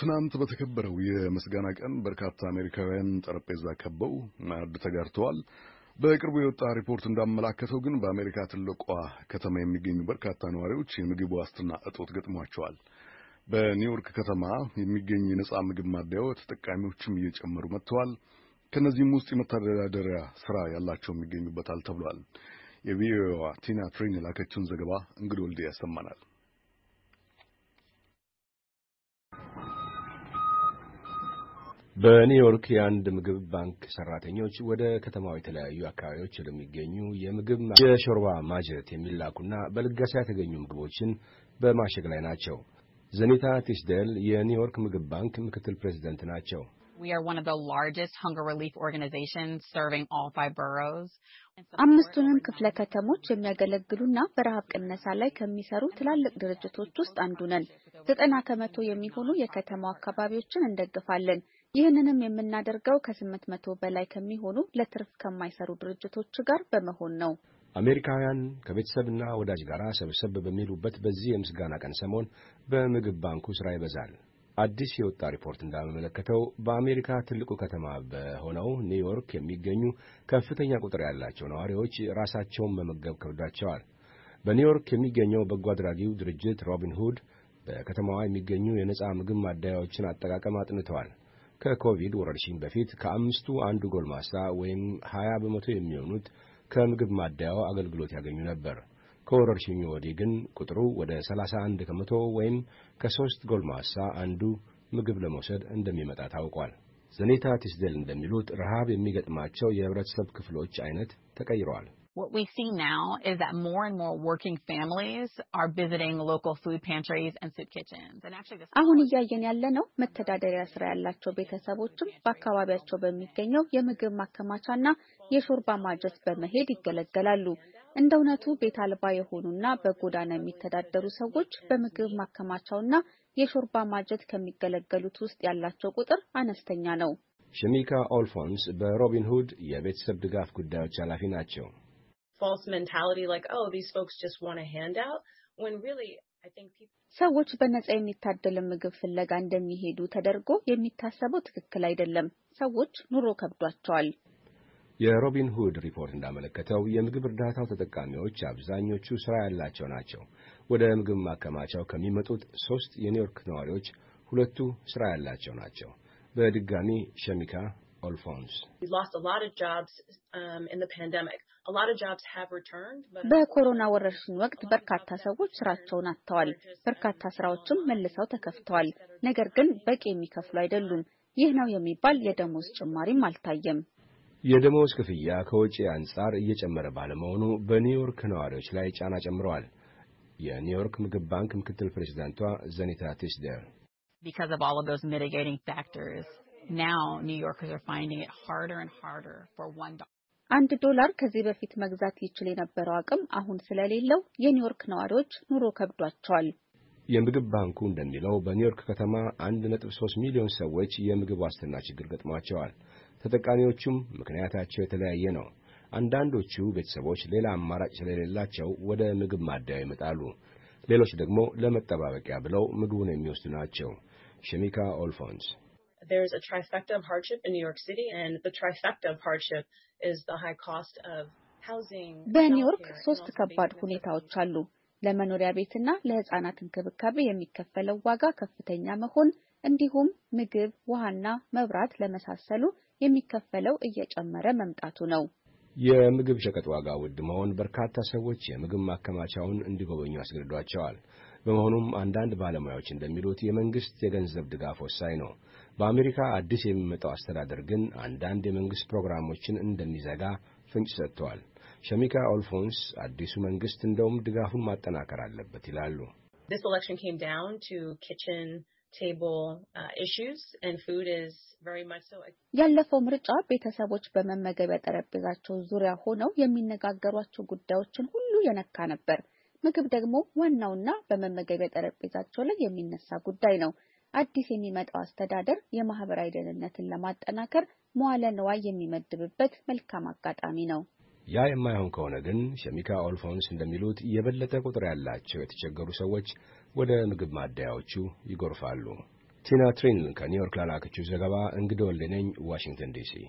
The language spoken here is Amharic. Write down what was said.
ትናንት በተከበረው የምስጋና ቀን በርካታ አሜሪካውያን ጠረጴዛ ከበው ማዕድ ተጋርተዋል። በቅርቡ የወጣ ሪፖርት እንዳመላከተው ግን በአሜሪካ ትልቋ ከተማ የሚገኙ በርካታ ነዋሪዎች የምግብ ዋስትና እጦት ገጥሟቸዋል። በኒውዮርክ ከተማ የሚገኝ የነጻ ምግብ ማደያው ተጠቃሚዎችም እየጨመሩ መጥተዋል። ከእነዚህም ውስጥ የመተዳደሪያ ስራ ያላቸው ይገኙበታል ተብሏል። የቪኦኤዋ ቲና ትሬን የላከችውን ዘገባ እንግዶ ወልዴ ያሰማናል። በኒውዮርክ የአንድ ምግብ ባንክ ሰራተኞች ወደ ከተማው የተለያዩ አካባቢዎች ለሚገኙ የምግብ የሾርባ ማጀት የሚላኩና በልገሳ የተገኙ ምግቦችን በማሸግ ላይ ናቸው። ዘኒታ ቲስደል የኒውዮርክ ምግብ ባንክ ምክትል ፕሬዚደንት ናቸው። አምስቱንም ክፍለ ከተሞች የሚያገለግሉና በረሃብ ቅነሳ ላይ ከሚሰሩ ትላልቅ ድርጅቶች ውስጥ አንዱ ነን። ዘጠና ከመቶ የሚሆኑ የከተማው አካባቢዎችን እንደግፋለን። ይህንንም የምናደርገው ከስምንት መቶ በላይ ከሚሆኑ ለትርፍ ከማይሰሩ ድርጅቶች ጋር በመሆን ነው። አሜሪካውያን ከቤተሰብና ወዳጅ ጋር ሰብሰብ በሚሉበት በዚህ የምስጋና ቀን ሰሞን በምግብ ባንኩ ሥራ ይበዛል። አዲስ የወጣ ሪፖርት እንዳመለከተው በአሜሪካ ትልቁ ከተማ በሆነው ኒውዮርክ የሚገኙ ከፍተኛ ቁጥር ያላቸው ነዋሪዎች ራሳቸውን መመገብ ከብዷቸዋል። በኒውዮርክ የሚገኘው በጎ አድራጊው ድርጅት ሮቢን ሁድ በከተማዋ የሚገኙ የነፃ ምግብ ማደያዎችን አጠቃቀም አጥንተዋል። ከኮቪድ ወረርሽኝ በፊት ከአምስቱ አንዱ ጎልማሳ ወይም 20 በመቶ የሚሆኑት ከምግብ ማደያው አገልግሎት ያገኙ ነበር። ከወረርሽኙ ወዲህ ግን ቁጥሩ ወደ 31 ከመቶ ወይም ከሦስት ጎልማሳ አንዱ ምግብ ለመውሰድ እንደሚመጣ ታውቋል። ዘኔታ ቲስዴል እንደሚሉት ረሃብ የሚገጥማቸው የህብረተሰብ ክፍሎች አይነት ተቀይረዋል። What we see now is that more and more working families are visiting local food pantries and soup kitchens. አሁን እያየን ነው መተዳደሪያ ስራ ያላቸው ቤተሰቦችም በአካባቢያቸው በሚገኘው የምግብ ማከማቻና የሾርባ ማጀት በመሄድ ይገለገላሉ። እንደ እውነቱ ቤት አልባ የሆኑና በጎዳና የሚተዳደሩ ሰዎች በምግብ ማከማቻውና የሾርባ ማጀት ከሚገለገሉት ውስጥ ያላቸው ቁጥር አነስተኛ ነው። ሸሚካ ኦልፎንስ በሮቢን ሁድ የቤተሰብ ድጋፍ ጉዳዮች ኃላፊ ናቸው። false mentality like, oh, these folks just want a handout, when really I think people. ሰዎች በነጻ የሚታደል ምግብ ፍለጋ እንደሚሄዱ ተደርጎ የሚታሰበው ትክክል አይደለም። ሰዎች ኑሮ ከብዷቸዋል። የሮቢን ሁድ ሪፖርት እንዳመለከተው የምግብ እርዳታው ተጠቃሚዎች አብዛኞቹ ስራ ያላቸው ናቸው። ወደ ምግብ ማከማቻው ከሚመጡት ሶስት የኒውዮርክ ነዋሪዎች ሁለቱ ስራ ያላቸው ናቸው። በድጋሚ ሸሚካ ኦልፎንስ በኮሮና ወረርሽኝ ወቅት በርካታ ሰዎች ስራቸውን አጥተዋል። በርካታ ስራዎችም መልሰው ተከፍተዋል። ነገር ግን በቂ የሚከፍሉ አይደሉም። ይህ ነው የሚባል የደሞዝ ጭማሪም አልታየም። የደሞዝ ክፍያ ከወጪ አንጻር እየጨመረ ባለመሆኑ በኒውዮርክ ነዋሪዎች ላይ ጫና ጨምረዋል። የኒውዮርክ ምግብ ባንክ ምክትል ፕሬዚዳንቷ ዘኒታ ቲስደር Now New Yorkers are finding it harder and harder for one dollar. አንድ ዶላር ከዚህ በፊት መግዛት ይችል የነበረው አቅም አሁን ስለሌለው የኒውዮርክ ነዋሪዎች ኑሮ ከብዷቸዋል። የምግብ ባንኩ እንደሚለው በኒውዮርክ ከተማ 1.3 ሚሊዮን ሰዎች የምግብ ዋስትና ችግር ገጥሟቸዋል። ተጠቃሚዎቹም ምክንያታቸው የተለያየ ነው። አንዳንዶቹ ቤተሰቦች ሌላ አማራጭ ስለሌላቸው ወደ ምግብ ማደያ ይመጣሉ። ሌሎች ደግሞ ለመጠባበቂያ ብለው ምግቡን የሚወስዱ ናቸው። ሸሚካ ኦልፎንስ there's a trifecta of hardship in New York City, and the trifecta of hardship is the high cost of housing. በኒውዮርክ ሶስት ከባድ ሁኔታዎች አሉ። ለመኖሪያ ቤትና ለሕፃናት እንክብካቤ የሚከፈለው ዋጋ ከፍተኛ መሆን እንዲሁም ምግብ፣ ውሃና መብራት ለመሳሰሉ የሚከፈለው እየጨመረ መምጣቱ ነው። የምግብ ሸቀጥ ዋጋ ውድ መሆን በርካታ ሰዎች የምግብ ማከማቻውን እንዲጎበኙ አስገድዷቸዋል። በመሆኑም አንዳንድ ባለሙያዎች እንደሚሉት የመንግስት የገንዘብ ድጋፍ ወሳኝ ነው። በአሜሪካ አዲስ የሚመጣው አስተዳደር ግን አንዳንድ የመንግሥት ፕሮግራሞችን እንደሚዘጋ ፍንጭ ሰጥተዋል። ሸሚካ ኦልፎንስ አዲሱ መንግሥት እንደውም ድጋፉን ማጠናከር አለበት ይላሉ። uh, ያለፈው ምርጫ ቤተሰቦች በመመገቢያ ጠረጴዛቸው ዙሪያ ሆነው የሚነጋገሯቸው ጉዳዮችን ሁሉ የነካ ነበር። ምግብ ደግሞ ዋናውና በመመገቢያ ጠረጴዛቸው ላይ የሚነሳ ጉዳይ ነው። አዲስ የሚመጣው አስተዳደር የማህበራዊ ደህንነትን ለማጠናከር መዋለ ንዋይ የሚመድብበት መልካም አጋጣሚ ነው። ያ የማይሆን ከሆነ ግን ሸሚካ ኦልፎንስ እንደሚሉት የበለጠ ቁጥር ያላቸው የተቸገሩ ሰዎች ወደ ምግብ ማደያዎቹ ይጎርፋሉ። ቲና ትሪንል ከኒውዮርክ ላላከችው ዘገባ እንግዶ ወልደነኝ ዋሽንግተን ዲሲ